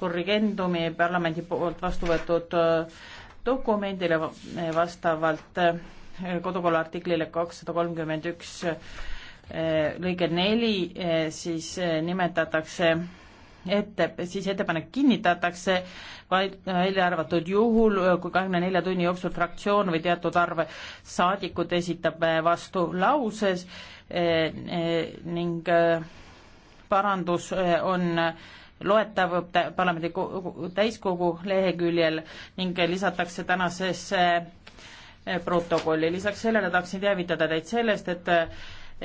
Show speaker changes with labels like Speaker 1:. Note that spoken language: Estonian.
Speaker 1: korrigendumi parlamendi poolt vastu võetud äh, dokumendile äh, vastavalt äh, kodukorra artiklile kakssada kolmkümmend üks lõige neli, siis nimetatakse ette, siis ettepanek kinnitatakse, vaid välja arvatud juhul, kui kahekümne nelja tunni jooksul fraktsioon või teatud arv saadikud esitab vastu lauses ning parandus on loetav parlamendi täiskogu leheküljel ning lisatakse tänasesse äh, protokolli. lisaks sellele tahaksin teavitada teid sellest, et äh,